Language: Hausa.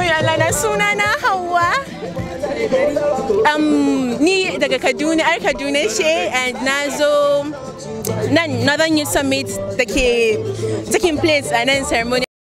koyi na suna na hawa Um, ni daga Kaduna, ar Kaduna ce and na zo nan Northern Youth Summit da ke taking place a nan ceremony.